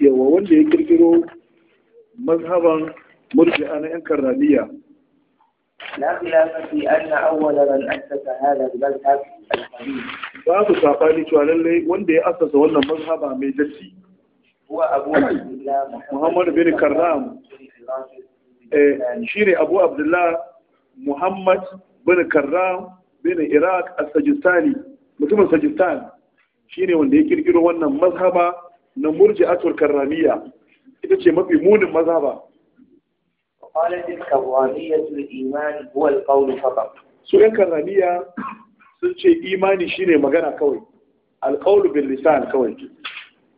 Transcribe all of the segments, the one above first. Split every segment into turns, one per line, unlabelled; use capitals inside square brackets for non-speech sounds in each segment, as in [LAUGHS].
yawa wanda ya kirkiro mazhaban a na babu saɓani cewa lallai wanda ya asasa wannan mazhaba mai jassi Muhammad bin Karnam eh, shi ne Abu Abdullah Muhammad bin Karnam bin Iraq a Sajistani mutumin Sajistani shine wanda ya kirkiro wannan mazhaba na murji'atul karramiyya ita ce mafi munin mazhaba su yan karramiya sun ce imani shine magana kawai al-qawl lisan kawai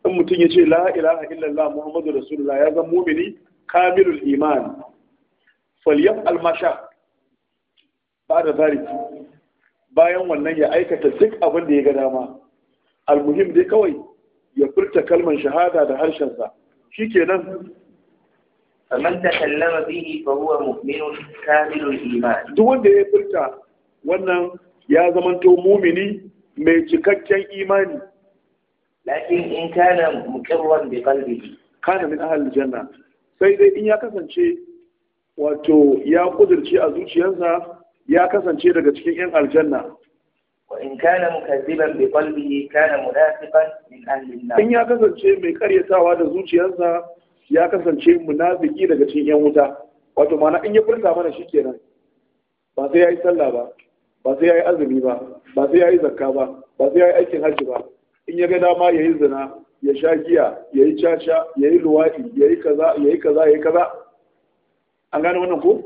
in mutum ya ce la ilaha illallah muhammadu rasulullah ya zama mumini kamilul iman Falyaf almasha sha ba da bayan wannan ya aikata duk abin da ya ga dama almuhim dai kawai ya furta kalmar shahada da harshensa shikenan faman takallama bihi fa huwa mu'minun kamilul iman duk wanda ya furta wannan ya zamanto mumini mai cikakken imani lakin in kana muqirran bi qalbihi kana min ahli janna sai dai in ya kasance wato ya kudirce a zuciyarsa ya kasance daga cikin yan aljanna in kana mukazziban bi qalbihi kana munafiqan min ahli an ya kasance mai karyatawa da zuciyarsa ya kasance munafiki daga cikin yan wuta wato ma'ana in ya furta mana shi kenan. ba sai yi sallah ba ba sai yi azumi ba ba sai yi zakka ba ba sai yi aikin hajji ba in ya ga dama yi zina ya sha giya ya yi caca luwaɗi, ya yi kaza yi kaza ya yi kaza an gane wannan ko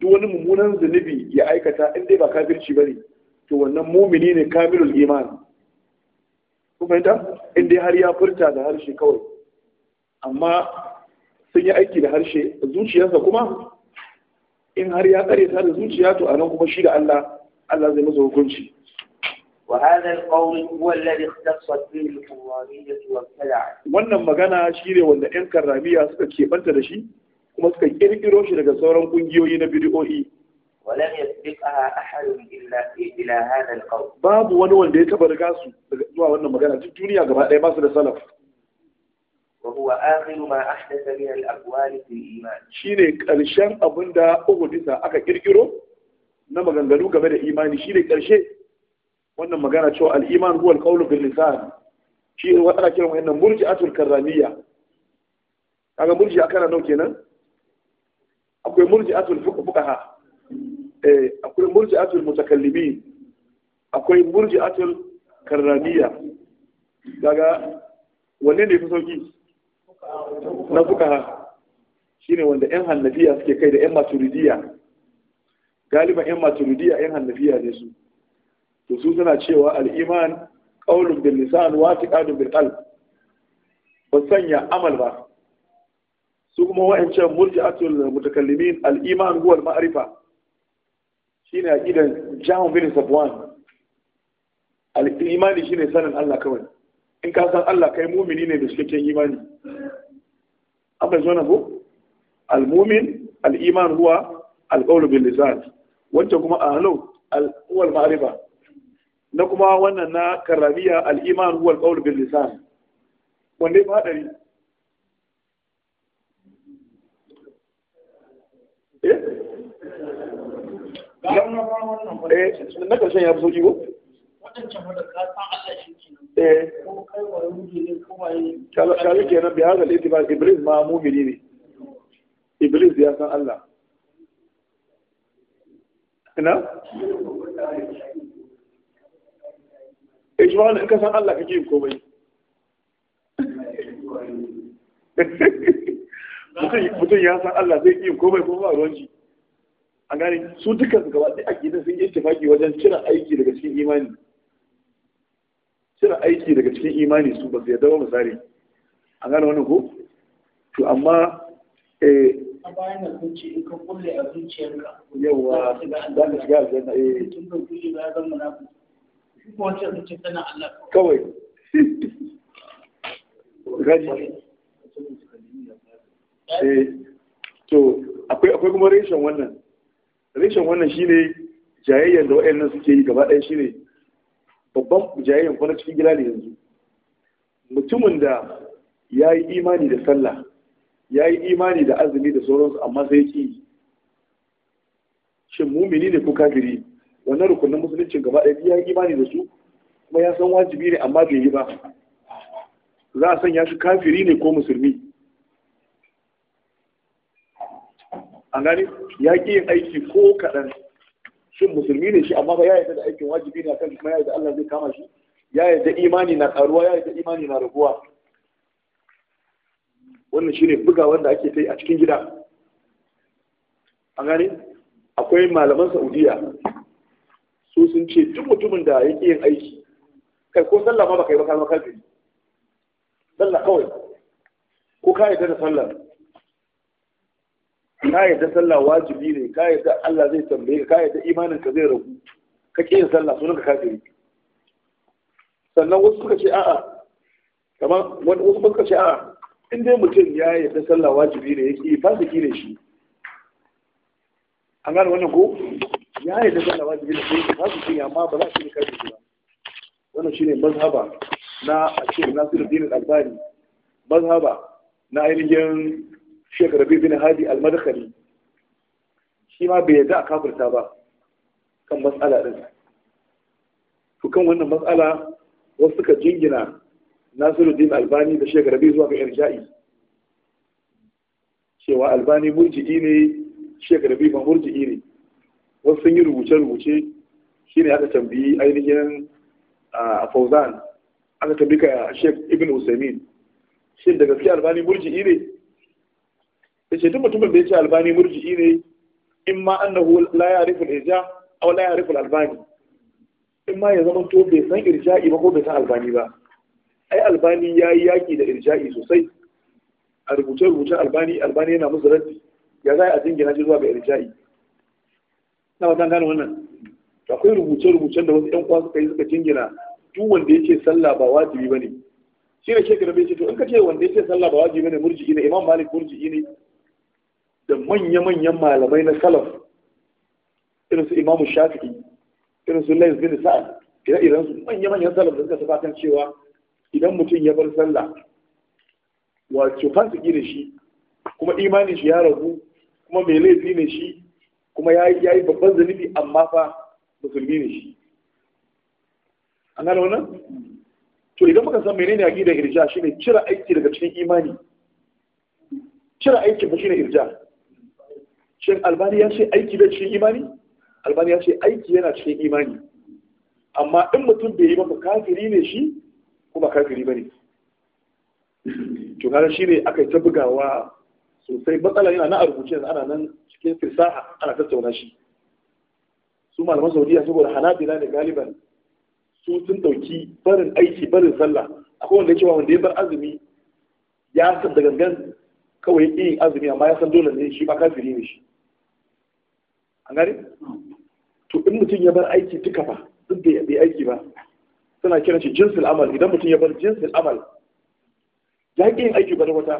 duk wani mummunan zunubi ya aikata in dai ba kafirci bane to wannan mumini ne kamilul iman kun fahimta in har ya furta da harshe kawai amma sun yi aiki da harshe zuciyarsa kuma in har ya tsare ta da zuciya to anan kuma shi da Allah Allah zai masa hukunci وهذا القول هو الذي اختصت به الحرامية والخلع wannan magana shi ne wanda ƴan karramiya suka kebanta da shi kuma suka kirkiro shi daga sauran kungiyoyi na bid'o'i ولم يسبقها أحد إلا إلى هذا القول باب ونوان دي تبر قاسو زوا وانا مغانا دي دنيا قبا دي ماسو لسلف وهو آخر ما أحدث من الأقوال في الإيمان شيني كالشان أبن دا أغدسا أكا كيركيرو نما غنغلو قبا دي إيماني شيني كالشي وانا مغانا شو الإيمان هو القول باللسان shi waɗanda kiran wa yannan murji atul karramiya kaga murji a kana nau kenan akwai murji atul fuqaha Eh, akwai akwai atul mutakallimi akwai atul karramiya daga wanne ne fi sauki na fuka shine wanda yan hannafiya suke kai da yan maturidiya galiban yan maturidiya yan hannafiya ne su to su suna cewa al'iman qaulun bil lisan wa tiqadun bil qalb ba sanya amal ba su kuma wa'ancan atul mutakallimin al-iman huwa al-ma'rifa shine aqidan Jahm bin sabuwan. al-imani shine sanin Allah kawai in ka san Allah kai mumini ne da cikakken imani an bai zuwa ko al-mumin al-iman huwa al-qawlu bil lisan wancan kuma ahlu al-huwa al-ma'rifa na kuma wannan na karabiya al-iman huwa al-qawlu bil lisan wanda ya fadari eh Eh, na ƙarshen ya fi sauƙi ko? ka san Allah shi eh. ko kai wa ne ko kenan Iblis ma ne Iblis ya san Allah ina in ka san Allah kake yin komai [LAUGHS] mutum ya san Allah zai yi komai ko ba ruwan a gane su dukkan su gaba duk aƙidun sun yi tafaki wajen cire aiki daga cikin imani cire aiki daga cikin imani su ba su yadda ba misali a gane wannan ko to amma eh a bayan da kun ce in ka kulle a zuciyarka yawa za ka shiga eh tun da ba zan ko zuciya tana Allah kawai eh to akwai akwai kuma reshen wannan rashin wannan ne jayayyar da wayannan suke yi gaba ɗaya shine babban jayayyar kwanar cikin gida ne yanzu mutumin da ya yi imani da sallah ya yi imani da azumi da sauransu amma sai ki shin mumini ne ko kafiri wannan rukunin musuluncin gaba ɗaya ya yi imani da su kuma ya san wajibi ne amma bai yi ba za a sanya shi kafiri ne ko musulmi an ya ƙi yin aiki ko kaɗan shin musulmi ne shi amma ba ya yarda da aikin wajibi ne akan kuma ya yarda Allah zai kama shi ya yarda imani na ƙaruwa, ya yarda imani na raguwa wannan shine buga wanda ake kai a cikin gida an gani akwai malaman Saudiya su sun ce duk mutumin da ya ƙi yin aiki kai ko sallah ma baka yi ba kalmar kafiri sallah kawai ko ka yarda da sallah ka yadda sallah wajibi ne ka yadda Allah zai tambaye ka ka yadda imanin ka zai ragu ka ke yin sallah sunan ka kafiri sannan wasu suka ce a'a kamar wani wasu suka ce a'a in dai mutum ya yadda sallah wajibi ne yake fasiki ne shi an gane wannan ko ya yadda sallah wajibi ne sai fasiki ne amma ba za su yi kafiri ba wannan shine mazhaba na a ce nasiruddin al-albani mazhaba na ainihin shekar Rabi bin Hadi al-Madkhali shi ma bai yarda a kafirta ba kan matsala din to kan wannan matsala wasu suka jingina Nasiruddin Albani da shekar Rabi zuwa ga irja'i cewa Albani murji'i ne shekar Rabi ba murji'i ne wasu sun yi rubuce-rubuce shine aka tambayi ainihin a Fauzan aka tambayi ka shek Ibn Usaimin shin da gaske Albani murji'i ne Da duk mutumin da ce albani murji'i ne in ma annahu la ya'rifu al-irja aw la ya'rifu al-albani in ma ya zama to bai san irja'i ba ko bai san albani ba ai albani ya yi yaki da irja'i sosai a rubuce rubuce albani albani yana musu raddi ya za a jingina shi zuwa ga irja'i na ba gane wannan akwai rubuce rubucen da wasu yan kwa suka yi suka jingina duk wanda ya ce sallah ba wajibi ba ne. shi da shekara bai ce to in ka ce wanda ya ce sallah ba wajibi ne murji'i ne imam malik murji'i ne da manya-manyan malamai na salaf irin su imamu shafi'i irin su lais bin sa'ad ire-iren su manya-manyan salaf da suka saba kan cewa idan mutum ya bar sallah wato su gina shi kuma imanin shi ya ragu kuma mai laifi ne shi kuma ya yi babban zanibi, amma fa musulmi ne shi an gano wannan to idan muka san menene aqidar irja shine cire aiki daga cikin imani cire aiki fa shine irja shin albani ya ce aiki bai cikin imani albani ya ce aiki yana cikin imani amma in mutum bai yi ba kafiri ne shi kuma kafiri ba ne to shi shine aka yi ta bugawa sosai matsala yana na a rubuce ana nan cikin fisaha ana tattauna shi su malaman saudiya saboda hanabila da galiban su sun dauki barin aiki barin sallah akwai wanda ya cewa wanda ya bar azumi ya san da gangan kawai yin azumi amma ya san dole ne shi ba kafiri ne shi an gane to in mutum ya bar aiki duka ba duk da bai aiki ba suna kiran shi jinsul amal idan mutum ya bar jinsul amal ya ƙi yin aiki kwata wata,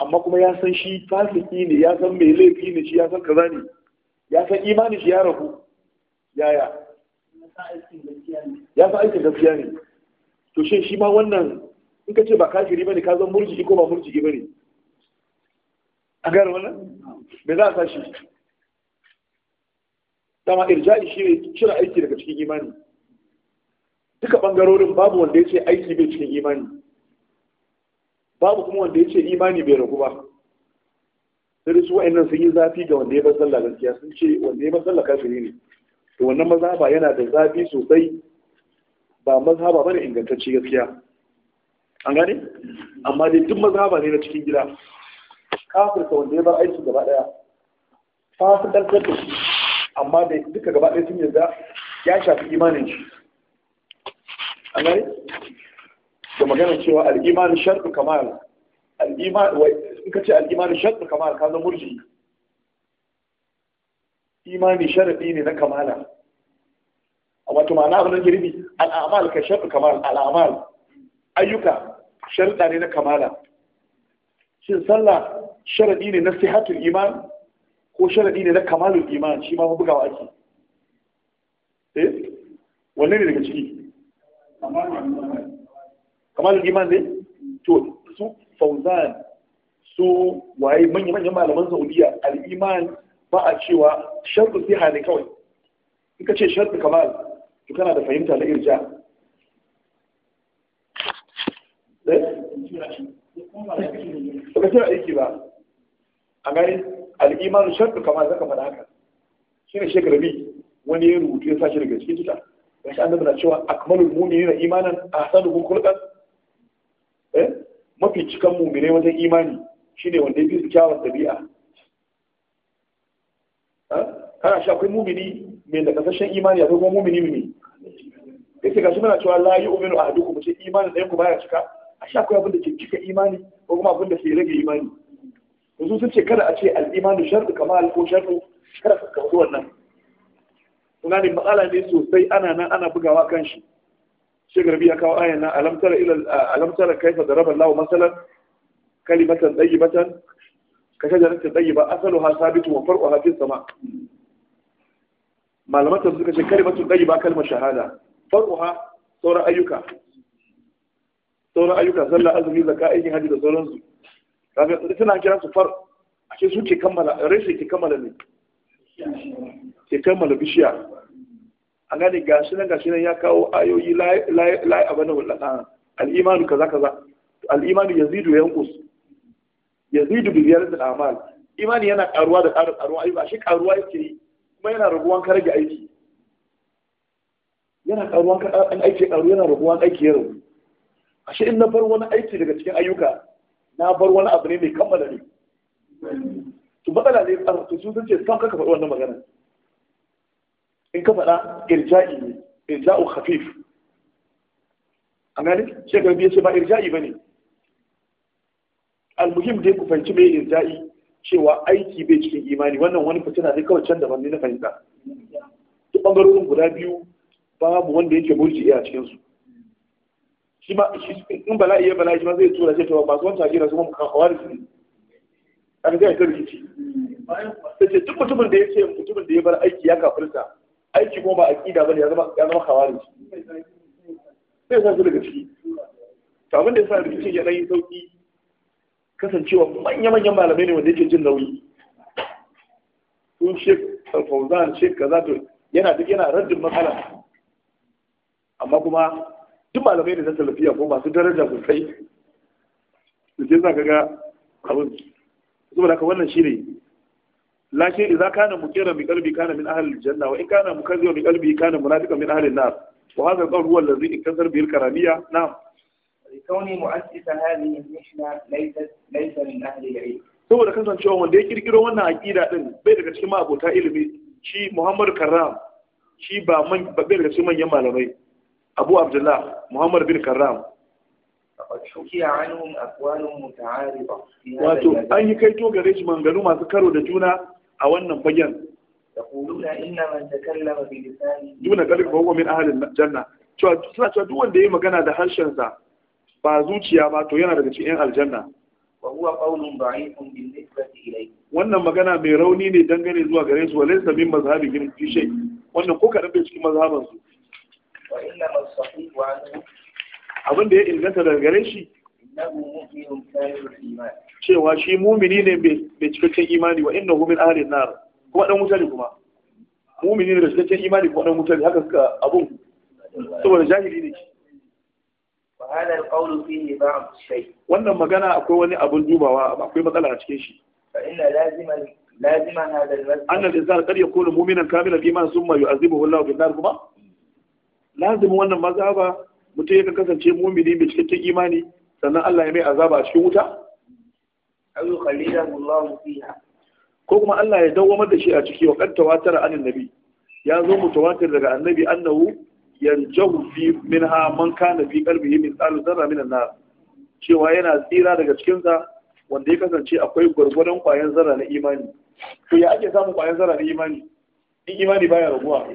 amma kuma ya san shi fasiki ne ya san mai laifi ne shi ya san kaza ne ya san imani shi ya ragu yaya ya san aikin gaskiya ne to shin shi ma wannan in ka ce ba kafiri bane ka zan murjiki ko ba murji bane a gare wannan me za a sa shi dama irja'i shi ne cire aiki daga cikin imani duka bangarorin babu wanda ya ce aiki bai cikin imani babu kuma wanda ya ce imani bai ragu ba sai su wa'annan sun yi zafi ga wanda ya bar sallah gaskiya sun ce wanda ya bar sallah kafiri ne to wannan mazhaba yana da zafi sosai ba mazhaba bane ingantacce gaskiya an gane amma dai duk mazhaba ne na cikin gida kafirka wanda ya bar aiki gaba daya fasikantar da shi amma da duka gaba ɗaya sun yarda ya shafi imanin shi an gani da maganar cewa al'imanin sharɗu kamar in ka ce al'imanin sharɗu kamar ka zama murji imani sharaɗi ne na kamala wato ma'ana abin da girbi al'amal ka sharɗu kamar al'amal ayyuka sharɗa ne na kamala shin sallah sharaɗi ne na sihatul iman ko sharadi ne na kamalul iman shi ma bugawa ake eh wanne ne daga ciki kamalul iman ne to su fauzan su waye manyan manyan malaman saudiya al-iman ba a cewa shartu sai ne kawai in ka ce shartu kamal to kana da fahimta na irja eh ba ka aiki ba a gani al'imanu shaddu kama zaka faɗa haka ne shekaru bi wani ya rubutu ya sashi daga cikin tuta gashi annabi na cewa akmalul mu'minina imanan ahsanuhum khulqan eh mafi cikan mu'mine wajen imani shine wanda ya fi kyawun dabi'a kana shi akwai mumini mai da kasashen imani akwai kuma mumini mai ce gashi muna cewa la yu'minu ahadukum ce imanin da ku baya cika a shi akwai abin da ke cika imani ko kuma abin da ke rage imani yanzu sun ce kada a ce al'imanu sharɗu kamar alko sharɗu kada ka kawo wannan suna ne matsala ne sosai ana nan ana bugawa kan shi shi garbi ya kawo ayan nan alamtara ilal kaifa da rabar lawa masalan kalimatan dayyibatan ka ba asalu ha sabitu wa farko ha fis sama malamatan suka ce ɗaya ba kalmar shahada Farko ha sauran ayyuka sauran ayyuka sallah azumi zakka aikin hajji da sauransu kaga suna kiran su far ake su ke kammala rashin ke kammala ne ke kammala bishiya an gane shi nan ga shi nan ya kawo ayoyi lai abin da wadda al'imanu kaza kaza al'imanu yazidu yankus yazidu bi ziyaratul amal imani yana karuwa da karin karuwa ayyuka shi karuwa yake yi kuma yana rabuwan ka rage aiki yana karuwan ka aiki karu yana rabuwan aiki ya ragu ashe in na bar wani aiki daga cikin ayyuka na bar wani abu ne mai kammala ne to matsala ne to sun sun ce sam kaka faɗi wannan magana in ka faɗa irja'i ne irja'u khafif A gani shekaru biyu ce ba irja'i ba ne almuhim dai ku fahimci mai irja'i cewa aiki bai cikin imani wannan wani fitina ne kawai can daban ne na fahimta duk ɓangarorin guda biyu babu wanda yake murji a cikinsu shi ma in bala'i ya bala'i shi ma zai tura shi wa masu wancan akida su kuma da su A kaga zai ta rikici ta ce duk mutumin da ya ce mutumin da ya bar aiki ya kafirta aiki kuma ba akida bane ya zama hawa da shi. Zai sa su daga ciki to abin da yasa rikicin ya dan yi sauki kasancewa manya-manyan malamai ne wanda yake jin nauyi sun shek fauzan shek kaza to yana duk yana raddin matsala amma kuma duk malamai ne zata lafiya ko masu daraja sosai da ke zaka ka ga abin saboda ka wannan shi ne, lakin idza kana mukira bi qalbi kana min ahli aljanna wa in kana mukazziba bi qalbi kana munafiqan min ahli an-nar wa hadha al-qawl huwa alladhi ikthar bihi al-karamiya na'am لكوني مؤسس هذه المحنة ليست ليس من أهل العلم. saboda kasancewa wanda ya kirkiro wannan aqida din bai daga cikin ma'abota ilimi shi Muhammad Karram shi ba man bai daga cikin manyan malamai abu abdullah muhammad bin karram wato an yi kaito gare shi manganu masu karo da juna a wannan fagen duna kalli ba hukumin ahalin janna suna cewa duk wanda ya yi magana da harshensa ba zuciya ba to yana daga cikin 'yan aljanna wannan magana mai rauni ne dangane zuwa gare su walaisa min mazhabihim fi shay wannan ko kadan bai cikin mazhabansu abin da ya inganta daga gare shi cewa shi mumini ne mai cikakken imani wa inna hu min ahli kuma dan wuta ne kuma mumini ne da cikakken imani kuma dan wuta ne haka suka abun saboda jahili ne wannan magana akwai wani abun dubawa akwai matsala a cikin shi lazima hada al-mas'ala anna al-insan qad yakunu mu'minan kamilan iman thumma yu'azibuhu kuma lazimin wannan mazhaba mutum ya kasance mumini mai cikakken imani sannan Allah ya mai azaba a cikin wuta ayu khalidallahu fiha ko kuma Allah ya dawwamar da shi a ciki wa qad tawatara anin nabi ya zo mu mutawatir daga annabi annahu yanjahu fi minha man kana fi qalbihi min tsal zarra min an-nar cewa yana tsira daga cikin sa wanda ya kasance akwai gurgurdan kwayan zarra na imani to ya ake samun kwayan zarra na imani in imani baya raguwa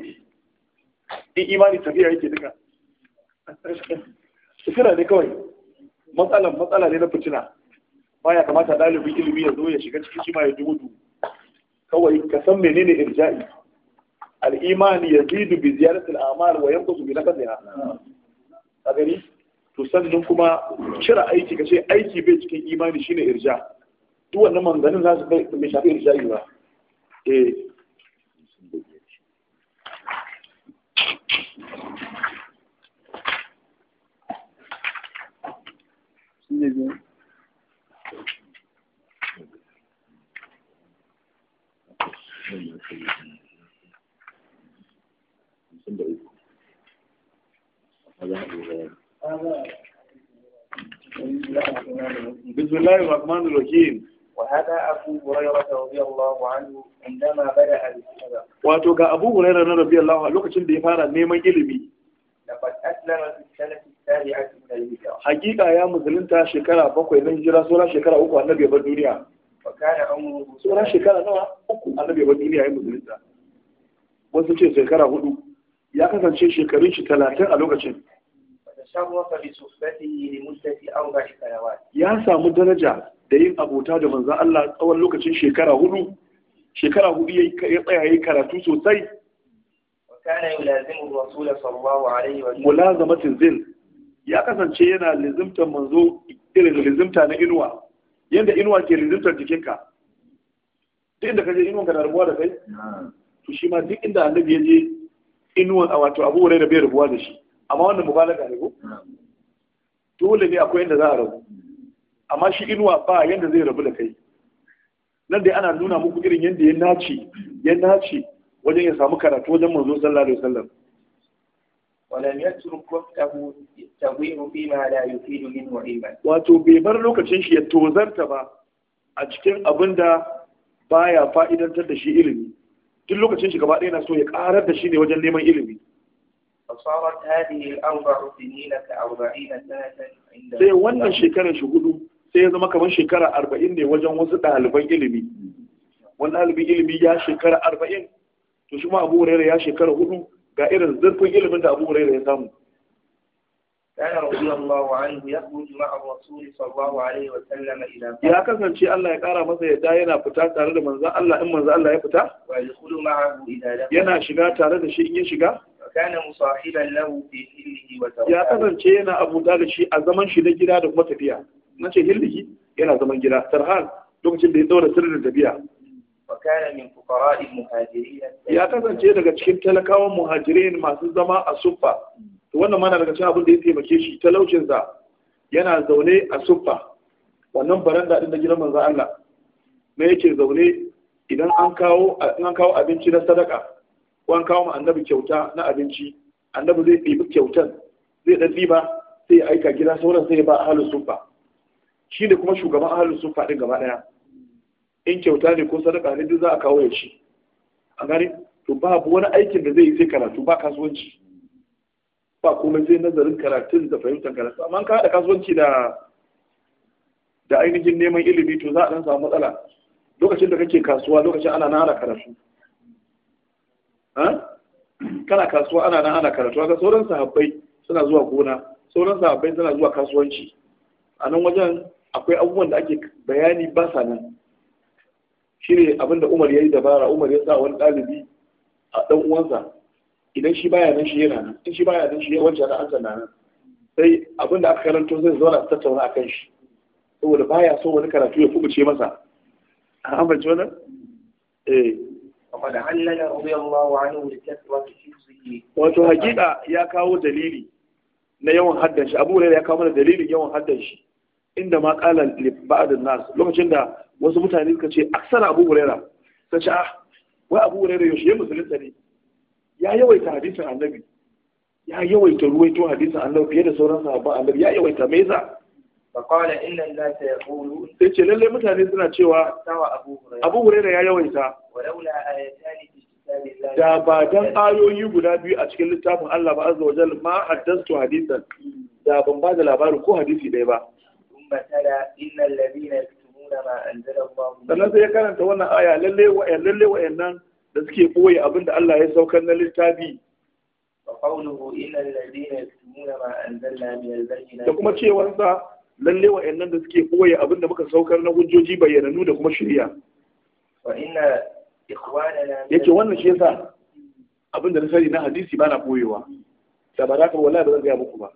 in imani tafiya yake duka fitina ne kawai matsalan matsala ne na fitina baya kamata ɗalibin ilimi ya zo ya shiga cikin shi ma ya dubu dubu kawai ka san menene irja'i al-iman yazidu bi ziyarati al-amal wa yanqusu bi naqsiha a gani to sannan kuma cira aiki ka ce aiki bai cikin imani shine irja duk wannan manganin za su mai shafi irja'i ba eh zai biya بسم الله الرحمن الرحيم وهذا أبو هريرة رضي الله عنه عندما بدأ بالسبب واتوقع أبو هريرة رضي الله عنه لوكا شندي فارا نيما إلمي لقد أسلم في السنة hakika ya musulunta shekara bakwai na hijira tsora shekara uku annabi ya bar duniya tsora shekara nawa uku annabi ya bar duniya ya musulunta wasu ce shekara hudu ya kasance shekarun shi talatin a lokacin ya samu daraja da yin abota da manzan Allah tsawon lokacin shekara hudu shekara hudu ya tsaya ya karatu sosai mulazamatin zin ya kasance yana lizimtar manzo irin lizimta na inuwa yadda inuwa ke lizimtar jikinka duk inda kaje inuwan ka na rabuwa da kai to shi ma duk inda annabi ya je inuwan a wato abu da bai rabuwa da shi amma wannan mubalaga ne ko dole ne akwai yadda za a rabu amma shi inuwa ba yadda zai rabu da kai nan dai ana nuna muku irin yadda ya nace ya nace wajen ya samu karatu wajen manzo sallallahu alaihi wasallam ولم يترك وقته تضيع فيما لا يفيد منه علما wato bai bar lokacin shi ya tozarta ba a cikin abin da ba ya fa'idantar da shi ilimi duk lokacin shi gaba ɗaya na so ya ƙarar da shi ne wajen neman ilimi fasarar hadihi al-arba sinina ka 40 sanatan inda sai wannan shekarar shi hudu sai ya zama kamar shekara arba'in ne wajen wasu ɗaliban ilimi wani ɗalibin ilimi ya shekara arba'in to shi ma Abu Hurairah ya shekara hudu ga irin zurfin ilimin da Abu Hurairah ya samu Ya رضي الله عنه يخرج مع الرسول صلى kasance Allah ya kara masa yadda yana fita tare da manzon Allah in manzon Allah ya fita wa yadkhulu ma'ahu yana shiga tare da shi in ya shiga kana musahiban lahu fi hillihi wa ya kasance yana abuda da shi a zaman shi na gida da kuma tafiya nace hillihi yana zaman gida tarhan lokacin da ya daura sirrin tafiya ya kasance daga cikin talakawan muhajirin masu zama a suffa to wannan mana daga cikin abin da ya taimake shi talaucinsa yana zaune a suffa wannan baranda din da gidan manzo Allah me yake zaune idan an kawo an kawo abinci na sadaka ko an kawo annabi kyauta na abinci annabi zai ɗibi kyautan zai ɗan ɗiba sai ya aika gida sauran sai ya ba ahlus suffa shi ne kuma shugaban ahlus suffa din gaba ɗaya in kyauta ne ko sadaka ne duk za a kawo ya ci a gani to babu wani aikin da zai yi sai karatu ba kasuwanci ba komai sai nazarin karatun da fahimtar karatu amma ka haɗa kasuwanci da da ainihin neman ilimi to za a dan samu matsala lokacin da kake kasuwa lokacin ana na ana karatu kana kasuwa ana nan ana karatu ga sauran sahabbai suna zuwa gona sauran sahabbai suna zuwa kasuwanci a nan wajen akwai abubuwan da ake bayani ba sa nan shi ne abinda umar ya yi dabara umar ya sa wani ɗalibi a ɗan uwansa idan shi baya nan shi yana nan in shi baya nan shi ya wancan an sanna nan sai abinda aka karanto zai zauna su tattauna a kan shi saboda baya so wani karatu ya kubuce masa an amince wannan eh وقد anhu da kasuwa ta shi suke. wato hakika ya kawo dalili na yawan haddan shi abu ne ya kawo mana dalilin yawan haddan shi inda ma kala li nas lokacin da wasu mutane suka ce aksar Abu Huraira ta ce ah wai Abu Huraira yaushe musulunta ne ya yawaita hadisin Annabi ya yawaita ruwaito hadisin Annabi fiye da sauran sahabban Annabi ya yawaita me yasa faqala inna an-nasa sai ce lalle mutane suna cewa Abu Huraira ya yawaita ayatani da ba dan ayoyi guda biyu a cikin littafin Allah ba azza wajal ma haddastu hadisan da ban ba da labarin ko hadisi ɗaya ba مثلا إن الذين يكتمون ما أنزل الله sannan sai ya karanta wannan aya lalle wa'yan lalle wa'yannan da suke boye abinda Allah ya saukar na littafi da kuma cewar sa lalle nan da suke boye abinda muka saukar na hujjoji bayyananu da kuma shirya yake wannan shi yasa abin da na sani na hadisi ba na boyewa da ba za ka wallahi ba zan gaya muku ba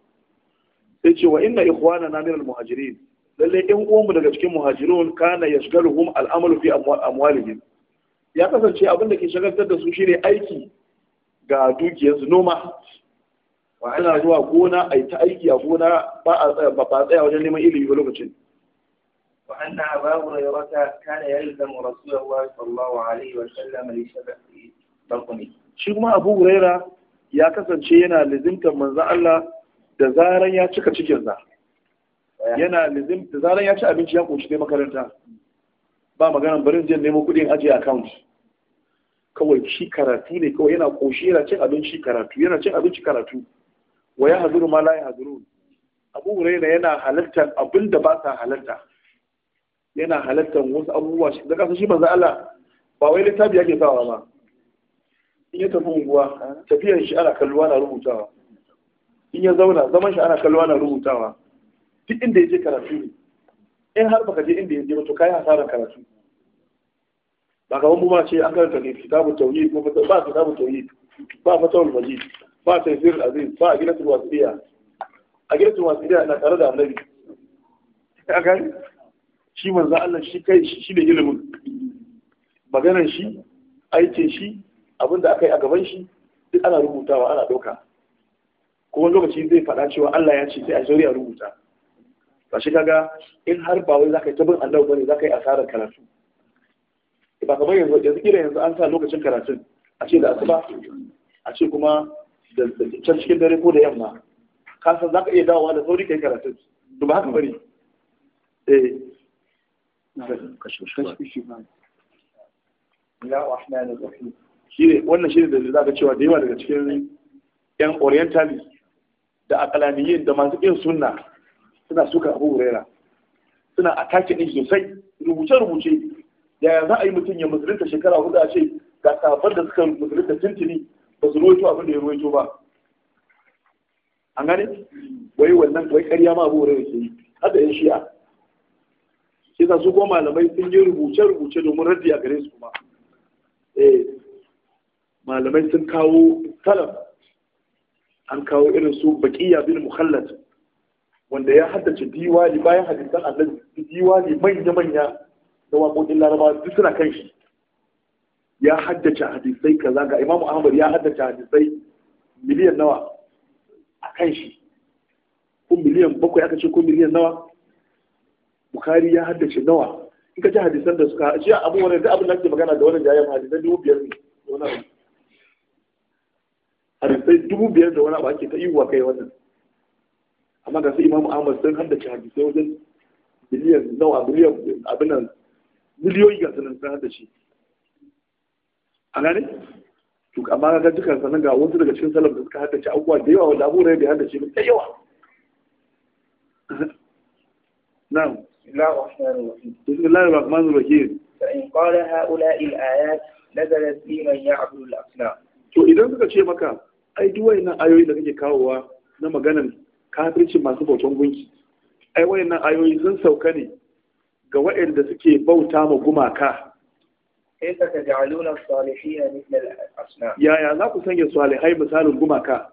sai ce wa inna ikhwana min almuhajirin muhajirin lalle in uwanmu daga cikin muhajirun kana yashgaluhum al'amalu fi amwalihim ya kasance abin da ke shagaltar da su shine aiki ga dukiyarsu noma wa ana zuwa gona a yi ta aiki a gona ba a tsaya ba tsaya wajen neman ilimi ba lokacin wa anna abu hurairata kana yalzamu rasulullahi sallallahu alaihi wa sallam li shababi balquni shi kuma abu huraira ya kasance yana lazimtar manzo Allah da zaran ya cika cikinsa yana lizim da zaran ya ci abinci ya kunshi dai makaranta ba magana barin zai nemo kuɗin ajiye account kawai shi karatu ne kawai yana koshi yana cin abinci karatu yana cin abinci karatu wa ya hazuru ma la ya hazuru abu huraira yana halartar abin da ba sa halarta yana halartar wasu abubuwa da kasa shi manzo Allah ba wai littafi yake sawa ba in ya tafi unguwa tafiyar shi ana kalluwa na rubutawa in ya zauna zaman shi ana kallo ana rubutawa duk inda ya je karatu ne in har baka je inda ya je ba to kai hasaran karatu ba ga wani ba ce an karanta ne kitabun tauhid ko ba kitabun tauhid ba fatawul majid ba tafsir aziz ba gidatul wasiya a gidatul wasiya na tare da annabi a gani shi manzo Allah shi kai shi ne ilimin maganar shi aikin shi abinda aka yi a gaban shi duk ana rubutawa ana ɗauka ko wani lokaci zai faɗa cewa Allah ya ce sai a sauri a rubuta ba shi kaga in har ba wai zaka yi tabin Allah bane zaka yi asarar karatu ba kamar yanzu yanzu kira yanzu an sa lokacin karatun a ce da asuba a ce kuma da can cikin dare ko da yamma ka san zaka iya dawowa da sauri kai karatun to ba haka bari. eh shi ne wannan shi ne da zai ka cewa da yawa daga cikin yan orientalist da akalaniyin da masu ƙin sunna suna suka abu huraira suna atake ɗin sosai rubuce-rubuce yaya za a yi mutum ya musulunta shekara hudu a ce ga sabar da suka musulunta tuntuni ba su ruwaito abin da ya ruwaito ba an gane wai wannan wai karya ma abu huraira ke yi hada yan shi'a shi sa su ko malamai sun yi rubuce-rubuce domin raddi a gare su kuma eh, malamai sun kawo talab an kawo irin su baƙiya bin mukhallad wanda ya haddace diwali bayan hadisan annabi diwali manya manya da waƙoƙin Laraba duk suna kan shi ya haddace hadisai kaza ga imamu ahmad ya haddace hadisai miliyan nawa a kan shi ko miliyan bakwai aka ce ko miliyan nawa bukari ya haddace nawa in ka ji hadisan da suka shi abu da abin da ake magana da wani jayen hadisan dubu biyar ne wani abu hadisai dubu biyar da wani abu ake ta wa kai wannan amma ga sai imamu ahmad sun haddace hadisai wajen biliyan nawa biliyan abinan miliyoyi ga sanin sun haddace a gane to amma ga dukkan sanin ga wasu daga cikin salaf da suka haddace abubuwa da yawa wanda abubuwa da haddace ba da yawa [LAUGHS] na'am بسم الله الرحمن الرحيم فإن قال هؤلاء الآيات نزلت في من يعبد الأصنام to idan suka ce maka ai duk wayannan ayoyi da kake kawowa na maganan kafirci masu bautan gunki ai wayannan ayoyi sun sauka ne ga wayanda suke bauta ma gumaka kaifa taj'aluna as-salihina mithla al-asnam yaya za ku sanya salihai misalin gumaka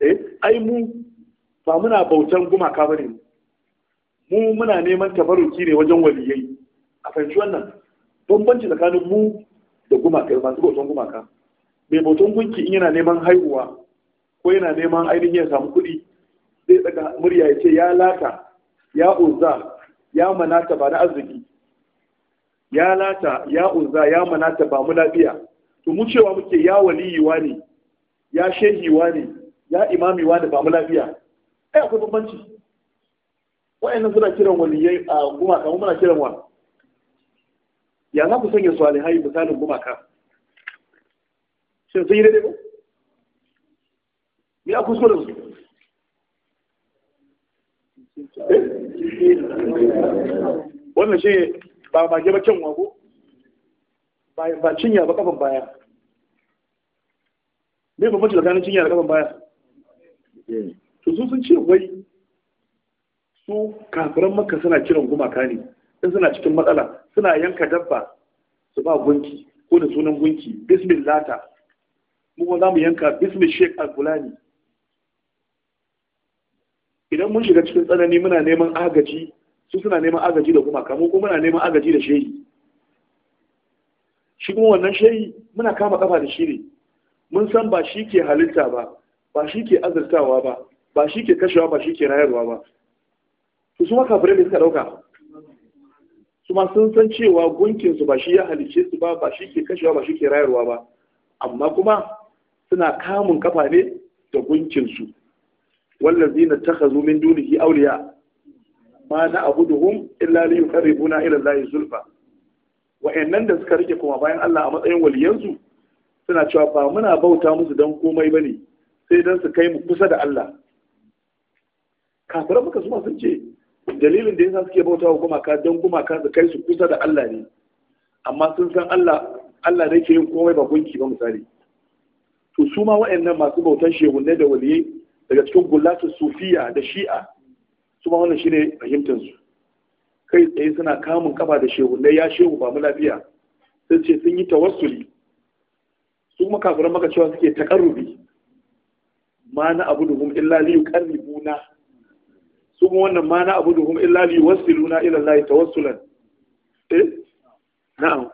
eh ai mu ba muna bautan gumaka bane mu muna neman tabaruki ne wajen waliyai a fahimci wannan bambanci tsakanin mu da gumaka masu bautan gumaka mai bautan gunki in yana neman haihuwa ko yana neman ainihin ya samu kuɗi zai daga murya ya ce ya lata ya uzza ya manata ba na arziki ya lata ya uzza ya manata ba mu lafiya to mu cewa muke ya waliyiwa ne ya shehiwa ne ya imamiwa ne ba mu lafiya ai akwai bambanci wa'annan suna kiran waliyai a gumaka mu muna kiran wa ya za ku sanya su salihai misalin gumaka shin sun yi daidai ba me a eh? wannan shi ba mage ba kyanwa wago ba cinya ba kafin baya me ba mace tsakanin cinya da kafin baya to su sun ce wai su kafiran maka suna kiran gumaka ne in suna cikin matsala suna yanka dabba su ba gunki ko da sunan gunki bismillata mu kuma za mu yanka bismi shek al-fulani idan mun shiga cikin tsanani muna neman agaji su suna neman agaji da kuma kamo kuma muna neman agaji da shehi shi kuma wannan shehi muna kama kafa da shi ne mun san ba shi ke halitta ba ba shi ke azurtawa ba ba shi ke kashewa ba shi ke rayarwa ba su suma kafin da suka dauka su ma sun san cewa gunkinsu ba shi ya halicce su ba ba shi ke kashewa ba shi ke rayarwa ba amma kuma suna kamun kafa ne da gunkinsu wallazi na ta hazo min dunihi auliya ma na abuduhum illa li yuqarribuna ila allahi zulfa wa'annan da suka rike kuma bayan Allah a matsayin waliyansu suna cewa ba muna bauta musu don komai bane sai don su kai mu kusa da Allah kafirai muka suma sun ce dalilin da yasa suke bautawa gumaka don gumaka su kai su kusa da Allah ne amma sun san Allah Allah da yake yin komai ba gunki ba misali to su ma wa'annan masu bautan shehunne da waliyai daga cikin gullatu sufiya da shi'a su ma wannan shi ne fahimtansu. kai tsaye suna kamun kafa da shehunne ya shehu ba mu lafiya sun ce sun yi tawassuli su kuma kafiran maka cewa suke takarrubi ma na abu da hum illa li yuqarribuna su kuma wannan ma na abu da hum illa li yuwassiluna ila Allah tawassulan eh na'am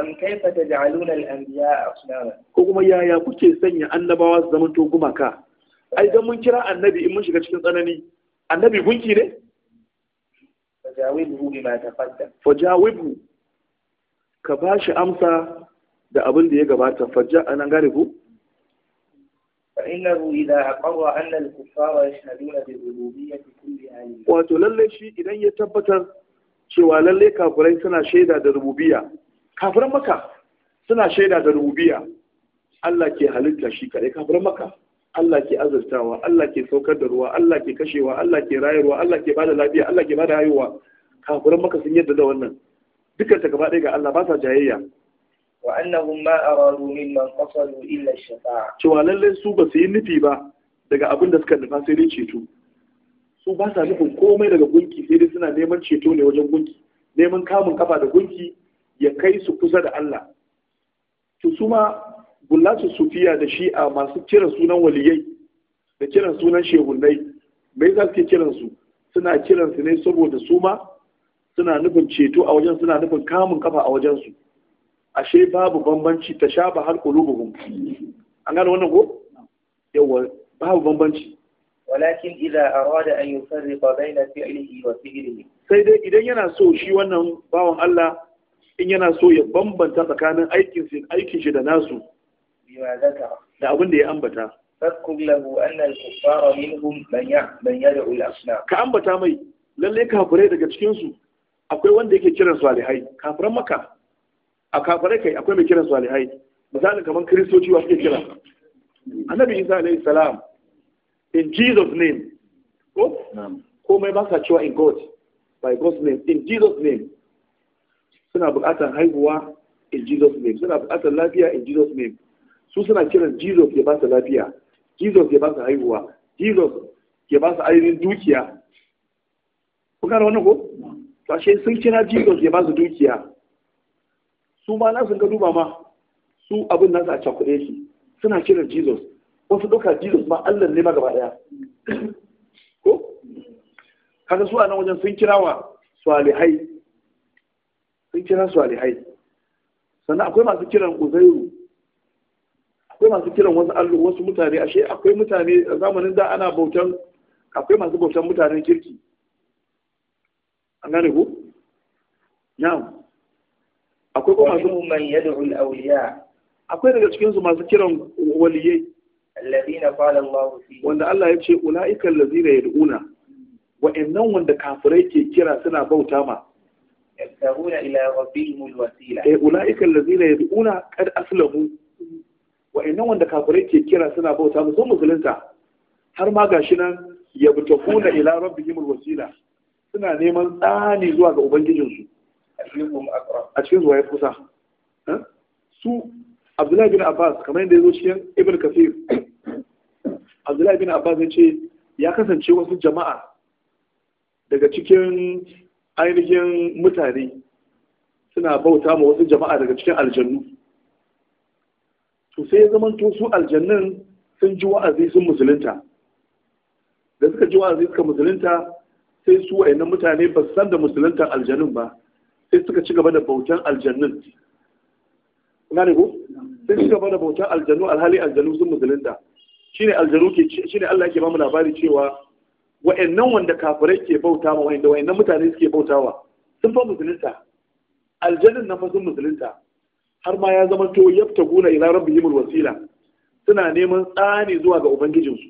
am kaifa taj'aluna al-anbiya asnama ko kuma yaya kuke sanya annabawa su zama to gumaka ai dan mun kira annabi in mun shiga cikin tsanani annabi gunki ne fajawibhu bima taqaddam fajawibhu ka ba shi amsa da abin da ya gabata fajja anan gane ku فإنه إذا أقر أن الكفار يشهدون بالربوبية كلها لله. وتللشي إذا يتبتر cewa lalle kafirai suna shaida da rububiya kafiran maka suna shaida da rubiya Allah ke halitta shi kare kafiran maka Allah ke azurtawa Allah ke saukar da ruwa Allah ke kashewa Allah ke rayarwa Allah ke bada lafiya Allah ke bada haihuwa kafiran maka sun yadda da wannan dukkan ta gaba ɗaya ga Allah ba sa jayayya wa annahum ma aradu mimman qasalu illa shafa'a cewa lalle su ba su yi nufi ba daga abin da suka nufa sai dai ceto su ba sa nufin komai daga gunki sai dai suna neman ceto ne wajen gunki neman kamun kafa da gunki ya kai su kusa da Allah to su ma bullasu sufiya da shi'a masu kira sunan waliyai da kiran sunan shehunai me yasa suke kiran su suna kiran su ne saboda su ma suna nufin ceto a wajen suna nufin kamun kafa a wajen su ashe babu bambanci ta ba har qulubuhum an gane wannan ko Yawwa babu bambanci walakin idza arada an yufarriqa baina fi'lihi wa fi'lihi sai dai idan yana so shi wannan bawan Allah in yana so ya bambanta tsakanin aikin shi da nasu da abin da ya ambata Ka ambata mai, الكفار منهم daga cikin su akwai wanda yake kiran salihai kafiran maka a kafirai kai akwai mai kiran salihai misalin kamar kristoci wa suke kira annabi isa alayhi salam in jesus name ko ko mai ba sa cewa in god by god's name in jesus name suna buƙatar haihuwa in Jesus name suna buƙatar lafiya in Jesus name su suna kiran Jesus ya ba su lafiya Jesus ya ba su haihuwa Jesus ya ba su ainihin dukiya ku gane wannan ko to ashe sun kira Jesus ya ba su dukiya su ma na sun ga duba ma su abin nasu a cakuɗe shi suna kiran Jesus wasu ɗauka Jesus ma Allah ne ma gaba ɗaya ko kaga su a nan wajen sun kira wa salihai sun kira alihai sannan akwai masu kiran uzairu akwai masu kiran wasu allo wasu mutane ashe akwai mutane a zamanin da ana bautan akwai masu bautan mutanen kirki an gane ku na'am akwai kuma masu man yad'u al-awliya akwai daga cikin su masu kiran waliyai alladhina qala Allah fi wanda Allah ya ce ulaika allazina yad'una wa'annan wanda kafirai ke kira suna bauta ma يبتغون إلى ربهم الوسيلة أولئك الذين يدعون قد أسلموا وإنهم عند كافرين كيرا سنة بوتا مصر مسلمتا har ma gashi nan yabtaguna ila rabbihim wasila. suna neman tsani zuwa ga ubangijinsu a cikin zuwa ya kusa eh? su abdullahi bin abbas kamar yadda ya zo cikin ibn kafir [COUGHS] abdullahi bin abbas ya ce ya kasance wasu jama'a daga cikin ainihin mutane suna bauta ma wasu jama'a daga cikin aljannu to sai ya to su aljannun sun ji wa'azi sun musulunta da suka ji wa'azi suka musulunta sai su wa'annan mutane ba su san da musuluntar aljannun ba sai suka ci gaba da bautan aljannun ne ko sai ci gaba da bautan aljannu alhali aljannu sun musulunta shine aljannu ke shine Allah yake ba mu labari cewa wa'annan wanda kafirai ke bauta ma wa'anda wa'annan mutane suke bautawa sun fa musulunta aljannin na fa sun musulunta har ma ya zama to guna ila rabbihimul wasila suna neman tsani zuwa ga ubangijinsu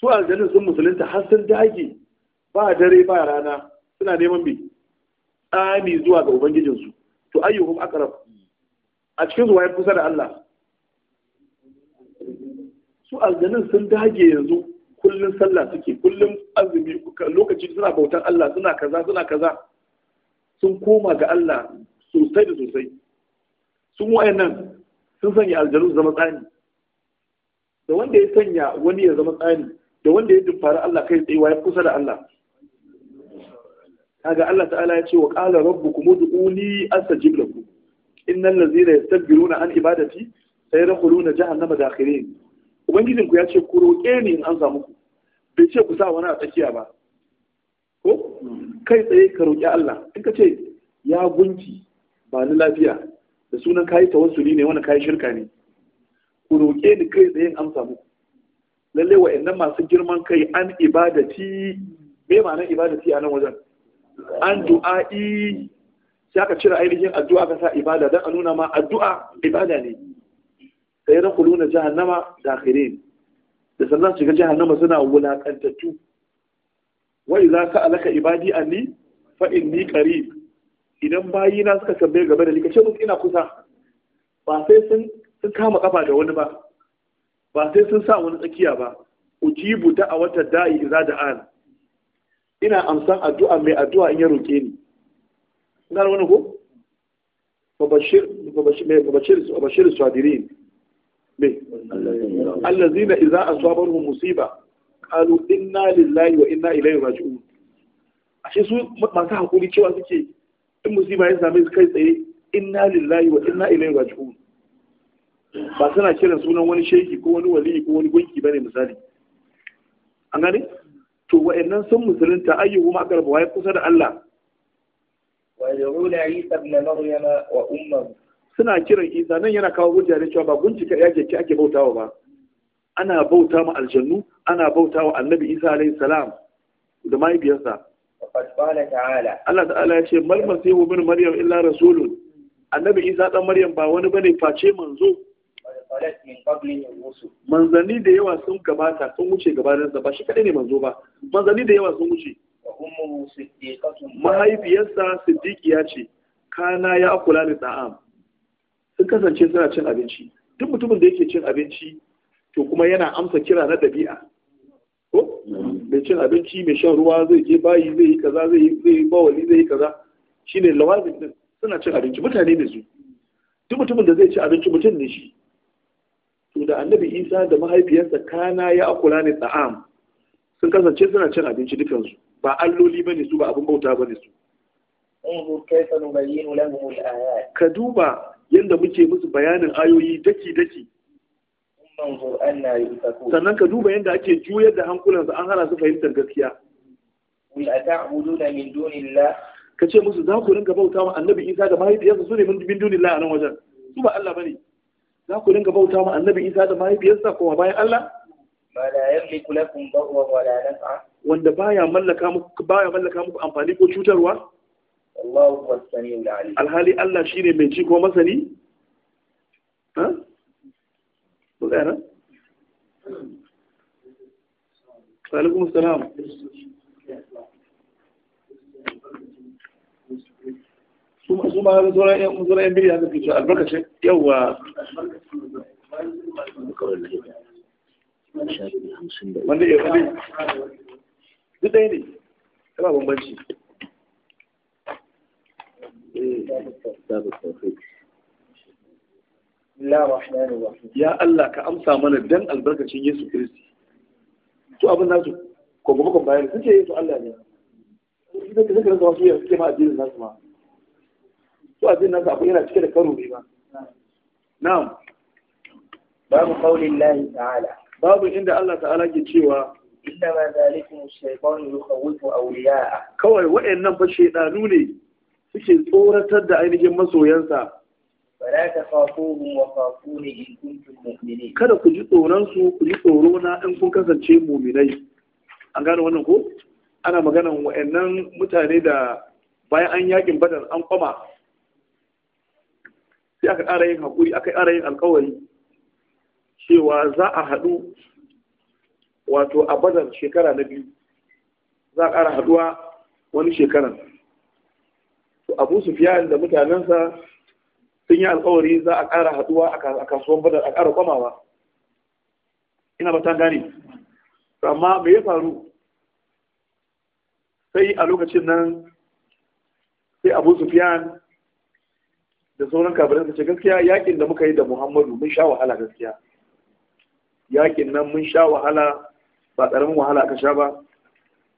su aljannin sun musulunta har sun dage ba dare ba rana suna neman bi tsani zuwa ga ubangijinsu to ayyuhum aqrab a cikin zuwa kusa da Allah su aljannin sun dage yanzu kullum sallah suke kullum azumi lokaci suna bautan Allah suna kaza suna kaza sun koma ga Allah sosai da sosai sun wayannan sun sanya aljanu zama tsani da wanda ya sanya wani ya zama tsani da wanda ya dumfara Allah kai tsaye ya kusa da Allah kaga Allah ta'ala ya ce wa qala rabbukum ud'uni astajib lakum innal ladzina yastakbiruna an ibadati sayadkhuluna jahannama dakhirin ubangijinku ya ce ku roƙe ni in an samu ku bai ce ku sa wani a tsakiya ba ko kai tsaye ka roƙi Allah in ka ce ya gunki ba ni lafiya da sunan kayi tawassuli ne wani kayi shirka ne ku roƙe ni kai tsaye amsa muku lalle wa'annan masu girman kai an ibadati me nan ibadati a nan wajen an du'a'i sai aka cire ainihin addu'a ka sa ibada don a nuna ma addu'a ibada ne sai na kuluna jahannama dakhirin da sannan shiga Nama suna wulakantattu wa idza alaka ibadi anni fa inni qarib idan bayi na suka tambaye game da ni kace mun ina kusa ba sai sun sun kama kafa da wani ba ba sai sun sa wani tsakiya ba ujibu ta a wata da'i idza da'an ina amsan addu'a mai addu'a in ya roke ni ina wani ko babashir babashir babashir babashir sadirin me allazina idza asabarhum musiba qalu inna lillahi wa inna ilaihi raji'un ashe su masu hakuri cewa suke in musiba ya same su kai tsaye inna lillahi wa inna ilaihi raji'un ba suna kiran sunan wani shehi ko wani wali ko wani gunki bane misali an gane to wa'annan sun musulunta ayyuhuma aqrabu wa kusa da Allah wa yaqulu isa ibn maryama wa ummuhu suna kiran isa nan yana kawo hujja ne cewa ba gunjika ya ke ake bautawa ba ana bauta ma aljannu ana bauta wa annabi isa alayhi salam da mahaifiyarsa Allah ta'ala ya ce mal masihu bin maryam illa rasulun annabi isa dan maryam ba wani bane face manzo manzanni da yawa sun gabata sun wuce sa. ba shi kadai ne manzo ba manzanni da yawa sun wuce mahaifiyarsa siddiqiya ce kana ya akula da ta'am sun kasance suna cin abinci duk mutumin da yake cin abinci to kuma yana amsa kira na ɗabi'a ko mai cin abinci mai shan ruwa zai je bayi zai yi kaza zai yi bawali zai yi kaza shine lawazin din suna cin abinci mutane ne su duk mutumin da zai ci abinci mutum ne shi to da annabi isa da mahaifiyarsa kana ya akula ne tsa'am sun kasance suna cin abinci dukansu ba alloli bane su ba abin bauta bane su ka duba yadda muke musu bayanin ayoyi daki-daki sannan ka duba yadda ake juyar da hankulansu an hana su fahimtar gaskiya ka ce musu za ku ringa bauta wa annabi isa da mahaifiyarsa su ne min dunillah a nan wajen su ba Allah bane za ku ringa bauta wa annabi isa da mahaifiyarsa kuma bayan Allah wanda baya mallaka muku baya mallaka muku amfani ko cutarwa alhali Allah shi ne mai ci ko masani? ha? ku tsara? salikun salam su ma ga tsoron yan tsoron yan biri haka fice albarkacin yawa wanda ya wani duk ɗaya ne ba bambanci ya Allah ka amsa mana dan albarkacin Yesu Kiristi to abin nasu ko gobe ko bayan suke Yesu Allah ne suke da zakarin wasu ya suke ma addinin nasu ma to addinin nasu abu yana cike da karo ne ba na'am babu qaulin lahi ta'ala babu inda Allah ta'ala ke cewa inna ma zalikum shaytanu yukhawwifu awliya'a kawai wa'annan fa shaydanu ne suke tsoratar da ainihin masoyansa kada ku ji tsoron su ku ji tsoro na ɗan kun kasance mu'minai an gane wannan ko ana maganan wa'annan mutane da bayan an yakin badar an kwama sai aka ƙara yin haƙuri aka ƙara yin alƙawari cewa za a haɗu wato a badar shekara na biyu za a ƙara haɗuwa wani shekaran abu sufiyan da mutanensa sun yi alkawari za a ƙara haduwa a kasuwan badar a ƙara kwamawa ina ba ta gane amma me ya faru sai a lokacin nan sai abu sufiyan da sauran kafirin ce gaskiya yakin da muka yi da muhammadu mun sha wahala gaskiya yakin nan mun sha wahala ba ƙaramin wahala aka sha ba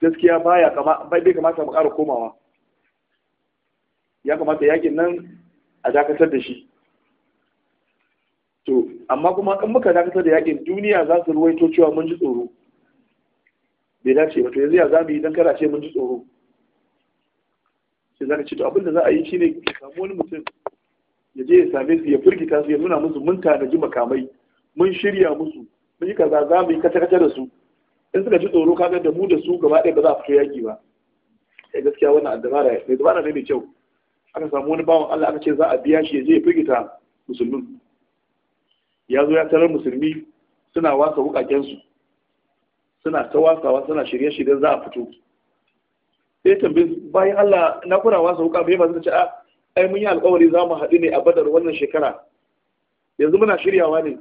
gaskiya baya kama bai kamata mu ƙara komawa ya kamata yakin nan a dakatar da shi to amma kuma in muka dakatar da yakin duniya za su ruwaito cewa mun ji tsoro bai dace ba to yanzu ya za mu yi don kada ce mun ji tsoro sai za ka ce to abin da za a yi shine ka samu wani mutum ya je ya same su ya firgita su ya nuna musu mun tanaji makamai mun shirya musu mun yi kaza za mu yi kata-kata da su in suka ji tsoro kaga da mu da su gaba ɗaya ba za a fito yaƙi ba sai eh, gaskiya wannan addabara ne dabara ne mai kyau aka samu wani bawan Allah aka ce za a biya shi ya je ya firgita musulmin ya zo ya tarar musulmi suna wasa wukakensu suna ta wasawa suna shirye-shiryen za a fito sai tambaye bayan Allah na kuna wasa wuka bai ba zai ce a ai mun yi alƙawari za mu haɗu ne a badar wannan shekara yanzu muna shiryawa ne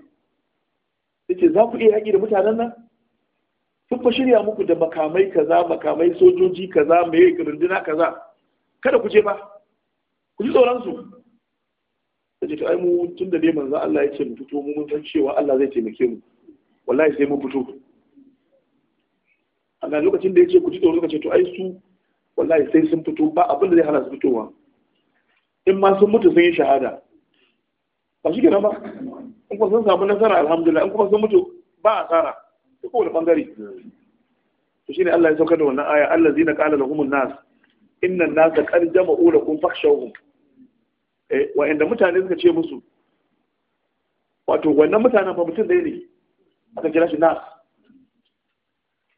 yace za ku iya yaƙi da mutanen nan sun fa shirya muku da makamai kaza makamai sojoji kaza mai runduna kaza kada ku je ba ku ji tsoron su sai to ai mu tun da dai manzo Allah ya ce mu fito mu mun san cewa Allah zai taimake mu wallahi sai mun fito Allah lokacin da ya ce ku ji tsoron kace to ai su wallahi sai sun fito ba abin da zai hana su fitowa in ma sun mutu sun yi shahada ba shi kenan ba in kuma sun samu nasara alhamdulillah in kuma sun mutu ba asara ta kowane bangare to shine Allah ya saukar da wannan aya allazina qala lahumun nas inna an-nasa qad jama'u lakum fakhshawhum Eh, wa'inda mutane suka ce musu wato wannan mutanen ba mutum ɗaya ne aka kira shi nas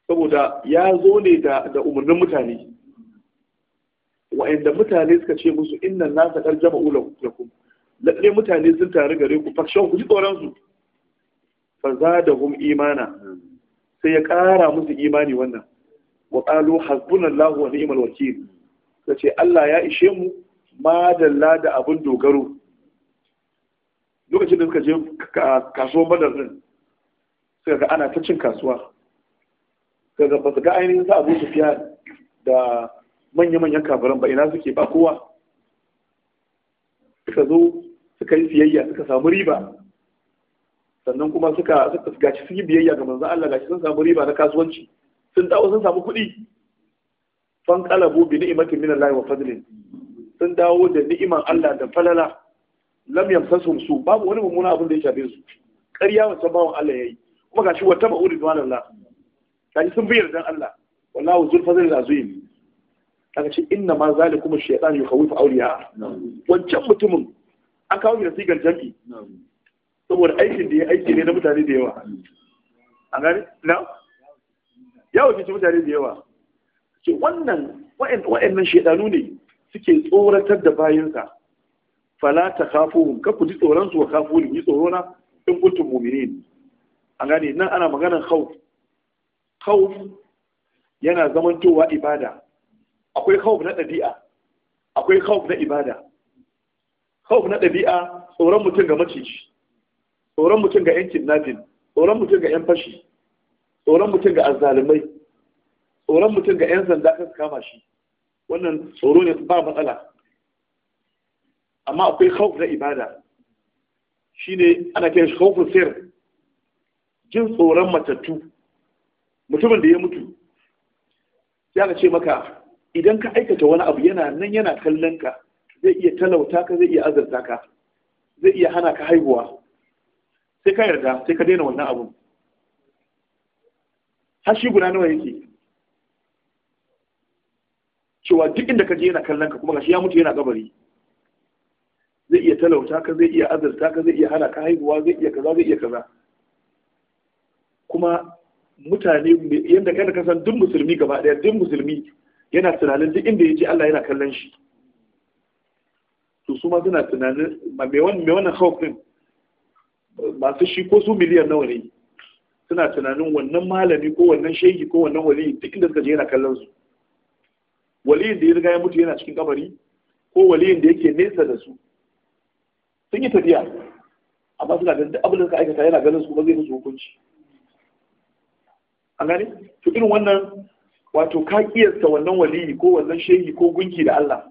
saboda ya zo ne da umarnin mutane wa'inda mutane suka ce musu innan nasa kar jama'u lakum lalle mutane sun taru gare ku fashon ku ji tsoron su fa hum imana sai ya ƙara musu imani wannan wa qalu hasbunallahu wa ni'mal wakil sai Allah ya ishe mu madalla da abin dogaro lokacin da suka je kasuwar madar din suka ga ana ta cin kasuwa suka ba su ga ainihin za a zo tafiya da manya-manyan kabaran ba ina suke ba kowa suka zo suka yi siyayya suka samu riba sannan kuma suka suka gaci sun yi biyayya ga manzan Allah gaci sun samu riba na kasuwanci sun dawo sun samu kuɗi fan qalabu bi ni'imatin min Allah wa fadlin sun dawo da ni'iman Allah da falala lam yamsasum su babu wani mummuna abin da ya shafe su ƙarya wancan bawan Allah yayi kuma gashi wata ba'u Allah. kaji sun bi yardan Allah wallahu zul fazl azim kaga ce inna ma zalikum ash-shaytan yukhawifu awliya wancan mutumin an kawo da sigar jami saboda aikin da ya aiki ne na mutane da yawa an gani na ya wakilci mutane da yawa ce wannan wa'annan shaytanu ne suke tsoratar da bayinsa fala ta kafu. ka ku ji tsoron su wa kafuhum yi tsoro na in kuntum mu'minin an gane nan ana maganar khawf khawf yana zamantowa ibada akwai khawf na ɗabi'a akwai khawf na ibada khawf na ɗabi'a tsoron mutum ga maciji tsoron mutum ga yankin nafin tsoron mutum ga yan fashi tsoron mutum ga azzalumai tsoron mutum ga yan sanda kan kama shi wannan tsoro ne ba matsala amma akwai khawf na ibada shine ana kiran shi khawfun sir jin tsoron matattu mutumin da ya mutu Ya ga ce maka idan ka aikata wani abu yana nan yana kallon ka zai iya talauta ka zai iya azarta ka zai iya hana ka haihuwa sai ka yarda sai ka daina wannan abun hashi guda nawa yake cewa duk inda ka je yana kallon ka kuma shi ya mutu yana kabari zai iya talauta ka zai iya azurta ka zai iya hana ka haihuwa zai iya kaza zai iya kaza kuma mutane yadda kai ka san duk musulmi gaba daya duk musulmi yana tunanin duk inda yaje Allah yana kallon shi to su ma suna tunanin me wannan mai wannan hawk din masu shi ko su miliyan nawa ne suna tunanin wannan malami ko wannan shehi ko wannan wali duk inda suka je yana kallon su waliyin da ya riga ya mutu yana cikin kabari ko waliyin da yake nesa da su sun yi tafiya amma suna ganin duk abin da suka aikata yana ganin su ba zai musu hukunci an gane to irin wannan wato ka kiyasta wannan waliyi ko wannan shehi ko gunki da Allah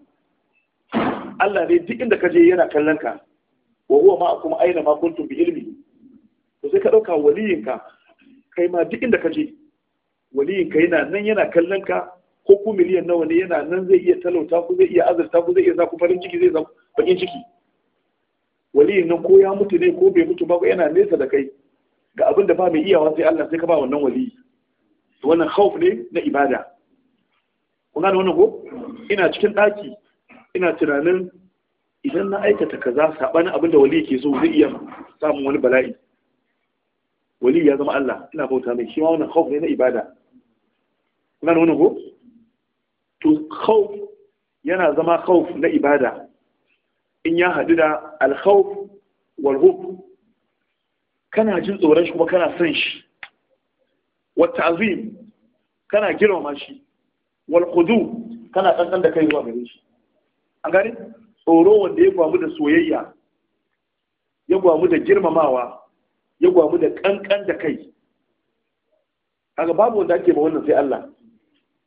Allah ne duk inda ka je yana kallon ka wa huwa ma kuma aina ma kuntum bi ilmi to sai ka dauka waliyin ka kai ma duk inda ka je waliyin ka yana nan yana kallon ka ko ku miliyan nawa ne yana nan zai iya talauta ku zai iya azurta ku zai iya zaku farin ciki zai zaku bakin ciki waliyin nan ko ya mutu ne ko bai mutu ba yana nesa da kai ga abin da ba mai iyawa sai Allah sai ka ba wannan wali. wannan khauf ne na ibada kun gane wannan ko ina cikin daki ina tunanin idan na aikata kaza sabanin abin da wali ke so zai iya samun wani bala'i Wali ya zama Allah ina bauta mai shi ma wannan khauf ne na ibada kun gane wannan ko to khawf yana zama khawf na ibada in ya hadu da al-khawf wal hub kana jin tsoron shi kuma kana son shi wa ta'zim kana girmama shi wal khudu kana kankan da kai zuwa gare shi an gane tsoro wanda ya gwamu da soyayya ya gwamu da girmamawa ya gwamu da kankan da kai kaga babu wanda ake ba wannan sai Allah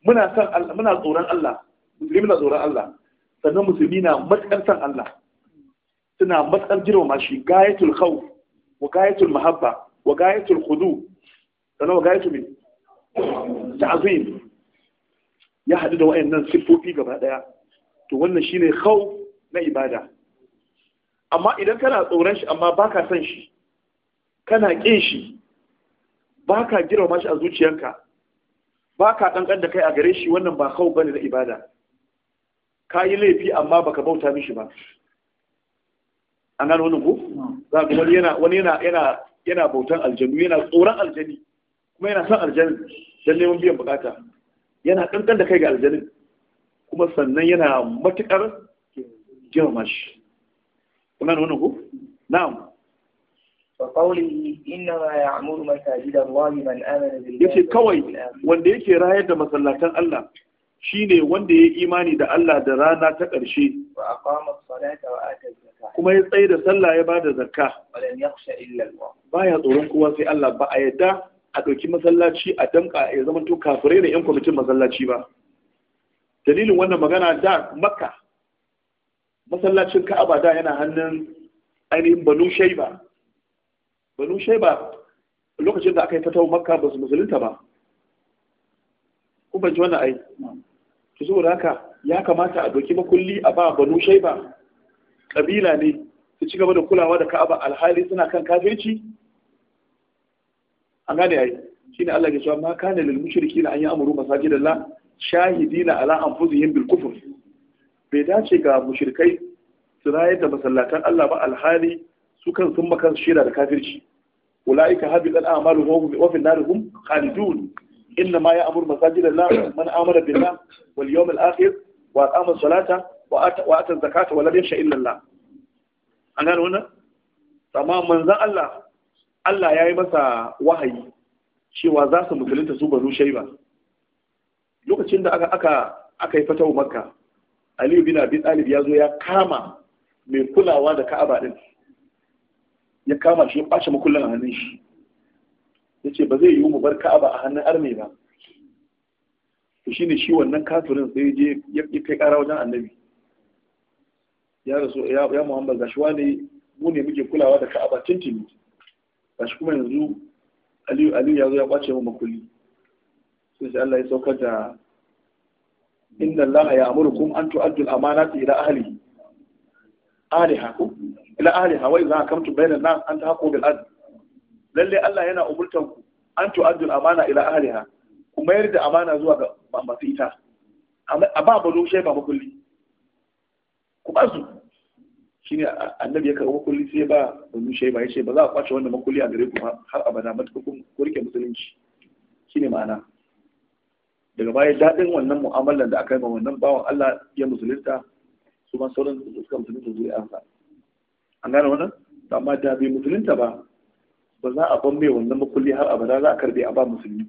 muna san muna tsoron Allah musulmi na tsoron Allah sannan musulmi na matsar san Allah suna matsar ma shi gayatul khawf wa gayatul mahabba wa gayatul khudu sannan wa gayatul min ta'zim ya hadu da wayannan siffofi gaba daya to wannan shine khawf na ibada amma idan kana tsoron shi amma baka san shi kana kin shi baka ma shi a zuciyarka ba ka ɗan da kai a gare shi wannan ba kawo bane na ibada ka yi laifi amma ba ka bauta mishi ba an gano wani ku za ku wani yana wani yana yana yana bautan aljanu yana tsoron aljani kuma yana son aljani don neman biyan bukata yana ɗan da kai ga aljani kuma sannan yana matuƙar girma shi kun wani ku na'am Yake kawai wanda yake rayar da masallatan Allah, shine wanda ya imani da Allah da rana ta ƙarshe kuma ya tsaye da sallah ya bada zakka ya tsoron kowa sai Allah ba a yadda a ɗauki masallaci a damƙa ya zama to kafirai da 'yan kwamitin masallaci ba dalilin wannan magana da makka masallacin ka'aba da yana hannun ainihin banu shaiba banu shaiba lokacin da aka yi fatawa makka ba su musulunta ba kuma ji wannan ai Ki zo haka ya kamata a doki makulli a ba banu shaiba kabila ne su ci gaba da kulawa da ka'aba alhali suna kan kafirci an gane ai ne Allah ya sa ma kana lil na an amuru masajidallah shahidina ala anfusihim bil kufr bai dace ga mushrikai su rayar da masallatan Allah ba alhali su kan sun makan shira da kafirci ulaika habitat a'maluhum wa fil narihum khalidun inna ma ya'muru masajid Allah man amara billah wal yawm al akhir wa aqama salata wa ata wa ata zakata wa lam yasha illa Allah an gano wannan amma manzon Allah Allah ya yi masa wahayi cewa za su musulunta su banu shaiba lokacin da aka aka aka yi fatawa makka aliyu bin abi talib ya zo ya kama mai kulawa da ka'aba din ya kama shi ya ɓace makullin a hannun shi ya ce ba zai yi mu bar ka'aba a hannun arme ba to shine shi wannan kafirin sai je ya kai ƙara wajen annabi ya rasu ya muhammad gashi wani mu ne muke kulawa da ka'aba tintini gashi kuma yanzu aliyu aliyu ya zo ya ɓace mu makulli sai sai Allah ya saukar da inna Allah ya an tu'addu al-amanati ila ahlihi aliha ko ila aliha wai za ka mutu bayanan nan an ta haƙo bil adl lalle Allah yana umurtan ku an tu'addu amana ila aliha ku mayar da amana zuwa ga masu ita a ba balo shai ba makulli ku ba su shine annabi ya karɓi makulli sai ba balo shai ba ya ce ba za a kwace wannan makulli a gare ku har abada matuƙa ku rike musulunci shine ma'ana daga baya daɗin wannan mu'amalar da aka yi ma wannan bawan Allah ya musulunta su ma sauran da suka musulunta zuri'ansa an gane wannan amma da bai musulunta ba ba za a ban mai wannan makulli har abada za a karbe a ba musulmi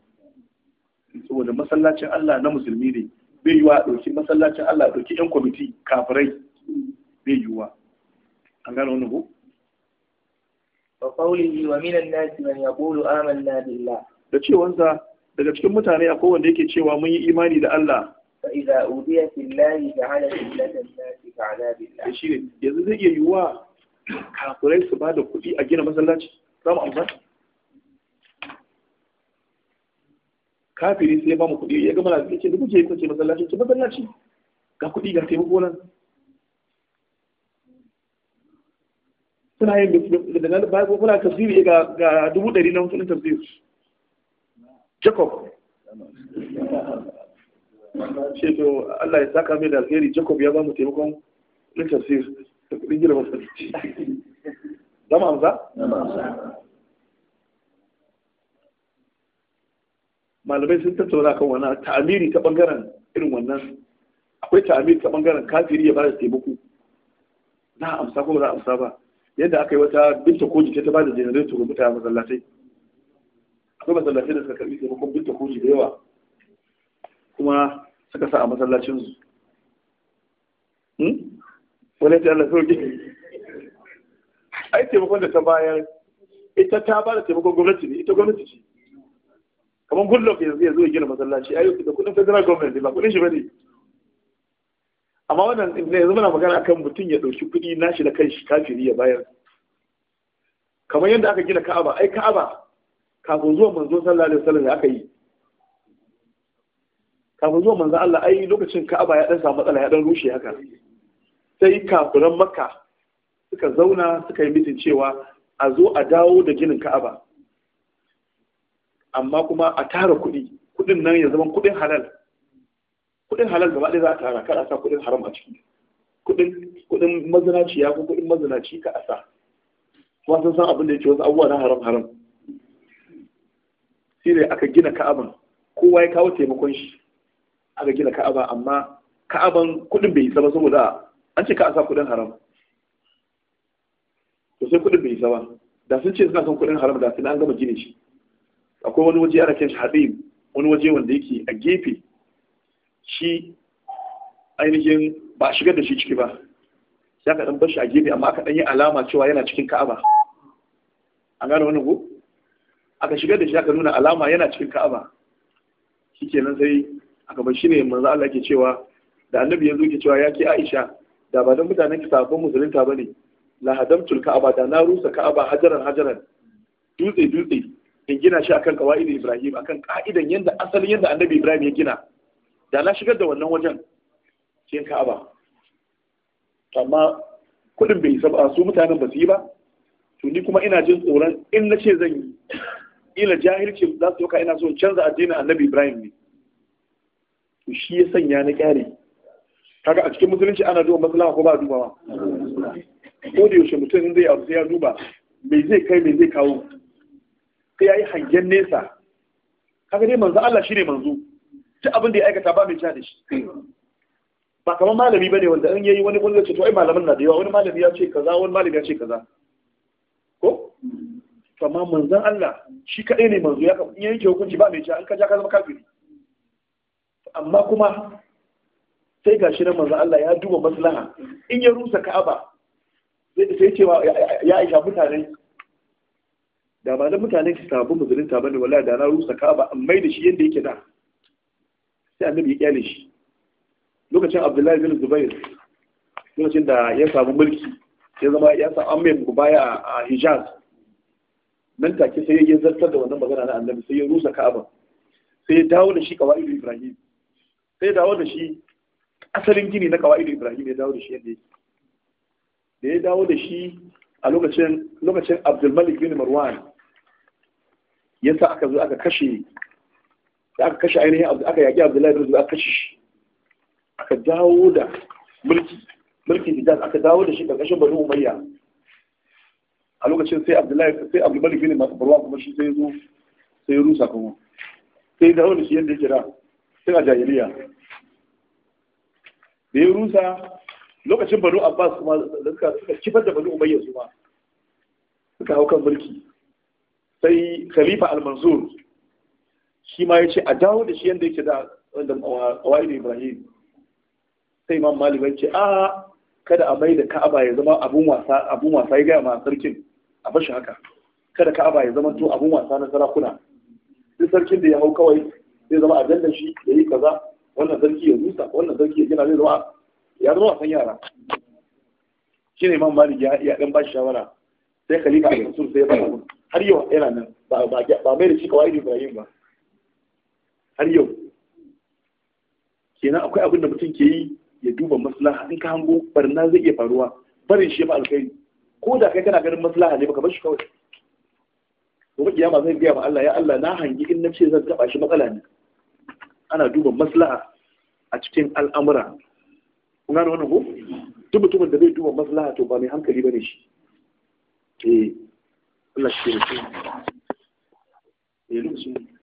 saboda masallacin Allah na musulmi ne bai yiwa a ɗauki masallacin Allah a ɗauki 'yan kwamiti kafirai bai wa an gane wannan ko وقوله ومن الناس من يقول آمنا بالله da cewansa daga cikin mutane akwai wanda yake cewa mun yi imani da Allah فإذا في الله جعل الناس كعذاب الله شيء yanzu zai iya yiwuwa kafirai su ba kuɗi a gina masallaci za mu kafiri sai ya ba mu kuɗi ya gama lafiya ce da kuke kwace masallaci ce masallaci ga kuɗi ga taimako nan suna yin da na bayan kuna tafsiri ga dubu ɗari na wasu tafsiri jacob ce to Allah ya saka mai da alheri Jacob ya ba mu taimakon na tafsir da kudin gina masallaci zama amsa malamai sun tattauna kan wannan ta'amiri ta bangaren irin wannan akwai ta'amiri ta bangaren kafiri ya ba da taimako za a amsa ko ba za a amsa ba yadda aka yi wata binta koji ta ba da janareto ga mutane masallatai akwai masallatai da suka karbi taimakon binta koji da yawa kuma suka sa a masallacin su hmm? wani ta Allah sauki ai taimakon da ta bayar ita ta ba da taimakon gwamnati ne ita gwamnati ce kamar goodluck yanzu ya zo ya gina masallaci ai da kudin federal government ba kudin shi ba ne. amma wannan ibn yanzu muna magana akan mutum ya ɗauki kudi nashi da kanshi kafiri ya bayar kamar yadda aka gina Ka'aba ai Ka'aba kafin zuwa manzo sallallahu alaihi wasallam aka yi kafin zuwa manzan Allah ai lokacin Ka'aba ya dan samu matsala ya dan rushe haka sai kafiran Makka suka zauna suka yi mitin cewa a zo a dawo da ginin Ka'aba amma kuma a tara kuɗi kuɗin nan ya zama kuɗin halal kuɗin halal gaba ɗaya za a tara kada sa kuɗin haram a ciki kuɗin kuɗin ya ko kuɗin mazinaci ka a sa kuma sun san abin da yake wasu abubuwa na haram haram shi aka gina ka'aban kowa ya kawo taimakon shi aka gina ka'aba amma ka'aban kuɗin bai isa ba saboda an ce ka sa kuɗin haram to sai kuɗin bai isa ba da sun ce suna son kuɗin haram da sun an gama gine shi akwai wani waje ana kanshi habib wani waje wanda yake a gefe shi ainihin ba a shigar da shi ciki ba ya ka dan bar shi a gefe amma aka dan yi alama cewa yana cikin ka'aba an gane wannan ko aka shigar da shi aka nuna alama yana cikin ka'aba shikenan sai a shi ne manzo Allah ke cewa da annabi ya zo ke cewa ya ke Aisha da ba dan mutanen ki sabon musulunta bane la hadamtul ka'aba da na rusa ka'aba hajaran hajaran dutse dutse in gina shi akan da Ibrahim akan ka'idan yanda asalin yanda annabi Ibrahim ya gina da na shigar da wannan wajen cikin ka'aba amma kudin bai isa ba su mutanen ba su yi ba to ni kuma ina jin tsoron in na ce zan yi ila jahilci za su yauka ina so canza addinin annabi Ibrahim ne to shi ya sanya na kyare kaga a cikin musulunci ana duba maslaha ko ba dubawa ko da yaushe mutum zai abu sai ya duba me zai kai me zai kawo sai ya yi hangen nesa kaga dai manzo Allah shine manzo ta abin da ya aikata ba mai ja da shi ba kamar malami bane wanda in yayi wani kullu ce to ai malamin na da yawa wani malami ya ce kaza wani malami ya ce kaza ko Kamar amma manzon Allah shi kadai ne manzo ya yanke hukunci ba mai ja An ka ja ka zama kafiri amma kuma sai ga shi manzo Allah ya duba maslaha in ya rusa Ka'aba sai cewa ya aisha mutane da ba da mutane su sabu musulunta bane wallahi da na rusa Ka'aba an mai da shi yanda yake da sai annabi ya kyale shi lokacin Abdullahi bin Zubair lokacin da ya samu mulki ya zama ya samu an mai baya a Hijaz nan take sai ya zartar da wannan magana na annabi sai ya rusa Ka'aba sai ya dawo da shi kawai Ibrahim sai dawo da shi asalin gini na kawai ibrahim ya dawo da shi yadda yake da ya dawo da shi a lokacin lokacin abdulmalik bin marwan sa aka zo aka kashe da aka kashe ainihin aka yaƙi abdullahi bin aka kashe shi aka dawo da mulki mulki hijaz aka dawo da shi ƙarƙashin bani umayya a lokacin sai abdullahi sai abdulmalik bin marwan kuma shi sai zo sai rusa kuma sai dawo da shi yadda ya da tun a jahiliya da ya rusa lokacin banu abbas kuma suka kifar da banu umayya su ma suka hau kan mulki sai khalifa al-mansur shi ma ya ce a dawo da shi yadda yake da wanda kawai da ibrahim sai imam malik ya ce a kada a mai da ka'aba ya zama abun wasa abun wasa ya gaya ma sarkin a bashi haka kada ka'aba ya zama to abun wasa na sarakuna duk sarkin da ya hau kawai zai zama a dandan shi ya yi kaza wannan sarki ya rusa wannan sarki ya gina zai zama ya zama wasan yara shi ne man malik ya ba bashi shawara sai khalifa a yanzu sai ya fara har yau yana nan ba mai da shi kawai ibrahim ba har yau kenan akwai abin da mutum ke yi ya duba maslaha in ka hango barna zai iya faruwa barin shi ba alkhairi ko da kai kana ganin maslaha ne baka bar shi kawai gobe kiyama zai gaya ma Allah ya Allah na hangi in na ce zan taba shi matsala ne ana duba maslaha a cikin al'amura kuna gane wannan ko duk da zai duba maslaha to ba mai hankali ba ne shi eh Allah shi ne eh lokacin